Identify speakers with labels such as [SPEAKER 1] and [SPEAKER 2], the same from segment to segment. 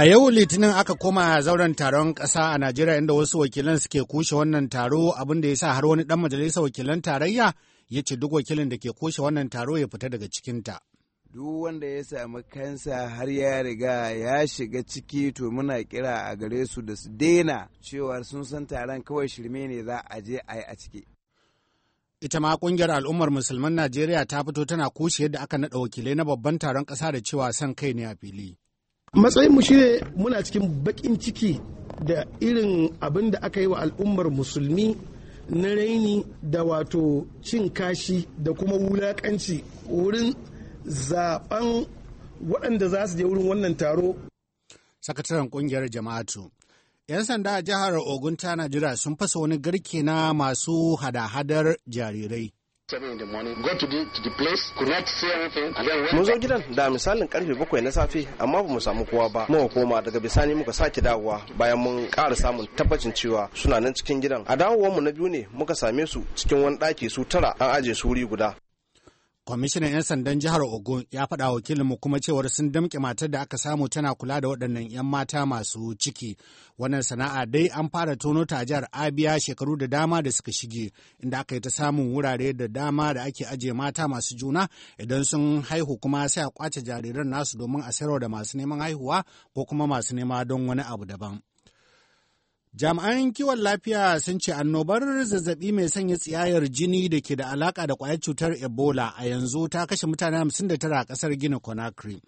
[SPEAKER 1] A yau Litinin aka koma zauren taron ƙasa a Najeriya inda wasu wakilan suke kushe wannan taro abin da ya sa har wani ɗan majalisar wakilan tarayya ya ce duk wakilin da ke kushe wannan taro ya fita daga cikinta. Duk wanda ya sami kansa har ya riga ya shiga ciki to muna kira a gare su da su daina cewa sun san taron kawai shirme ne za a je a yi a ciki. Ita ma kungiyar al'ummar musulman Najeriya ta fito tana kushe yadda aka naɗa wakilai na babban taron ƙasa da cewa son kai ne a fili. matsayin mu shine muna cikin bakin ciki da irin abin da aka yi wa al'ummar musulmi na raini da wato cin kashi da kuma wulakanci wurin zaben waɗanda za su je wurin wannan taro sakataren ƙungiyar jama'atu 'yan sanda a jihar ogun ta najeriya sun fasa wani garke na masu hada-hadar jarirai Mun zo gidan da misalin karfe bakwai na safe amma ba mu samu kowa ba. Muka koma daga bisani muka sake dawowa bayan mun ƙara samun tabbacin cewa suna nan cikin gidan. A dawowar mu na biyu ne muka same su cikin wani ɗaki su tara an ajiye su wuri guda. Kwamishinan 'yan sandan jihar Ogun ya faɗa wakilinmu kuma cewar sun damƙe matar da aka samu tana kula da waɗannan 'yan mata masu ciki. Wannan sana'a dai an fara tono ta jihar Abia shekaru da dama da suka shige, inda aka yi ta samun wurare da dama da ake ajiye mata masu juna idan sun haihu kuma sai a kwace jariran nasu domin a sayarwa da masu neman haihuwa ko kuma masu nema don wani abu daban. Jami'an kiwon lafiya sun ce annobar zazzabi mai sanya tsiyayar jini da ke da alaka da kwayar cutar Ebola a yanzu ta kashe mutane 59 a kasar Gini Conakry.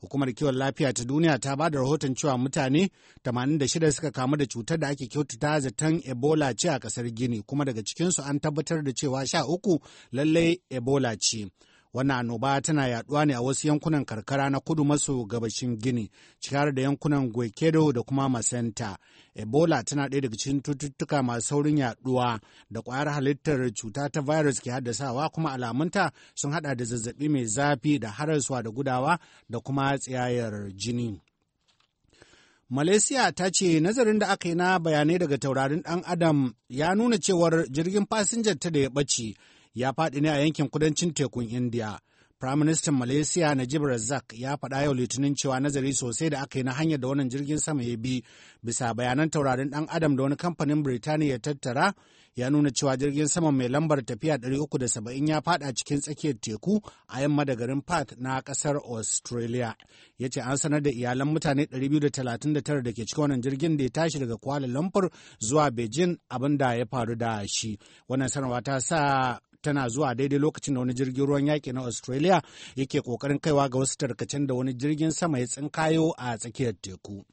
[SPEAKER 1] Hukumar kiwon lafiya ta duniya ta ba da rahoton cewa mutane 86 suka kamu da cutar da ake kyautata zaton Ebola ce a kasar Gini kuma daga cikinsu an tabbatar da cewa 13 lallai Ebola ce. Wannan annoba tana yaduwa ne a wasu yankunan karkara na kudu maso gabashin Gini, cikar da yankunan Gwekedo da kuma Masenta. Ebola tana ɗaya daga cikin cututtuka masu saurin yaduwa da kwayar halittar cuta ta virus ke haddasawa kuma alamunta sun hada da zazzabi mai zafi da haraswa da gudawa da kuma tsiyayar jini. Malaysia ta ce nazarin da aka yi na bayanai daga taurarin ɗan Adam ya nuna cewar jirgin fasinjar ta da ya ɓace ya faɗi ne a yankin kudancin tekun India. Firaministan Malaysia Najib Razak ya faɗa yau litinin cewa nazari sosai da aka yi na hanyar da wannan jirgin sama ya bi bisa bayanan taurarin dan adam da wani kamfanin Birtaniya ya tattara ya nuna cewa jirgin sama mai lambar tafiya 370 ya faɗa cikin tsakiyar teku a yamma da garin Perth na kasar Australia. Ya ce an sanar da iyalan mutane 239 da ke cikin wannan jirgin da ya tashi daga Kuala Lumpur zuwa Beijing abin da ya faru da shi. Wannan sanarwa ta sa tana zuwa daidai lokacin da wani jirgin ruwan yaƙi na Australia yake ƙoƙarin kaiwa ga wasu tarkacen da wani jirgin sama ya tsinkayo a tsakiyar teku.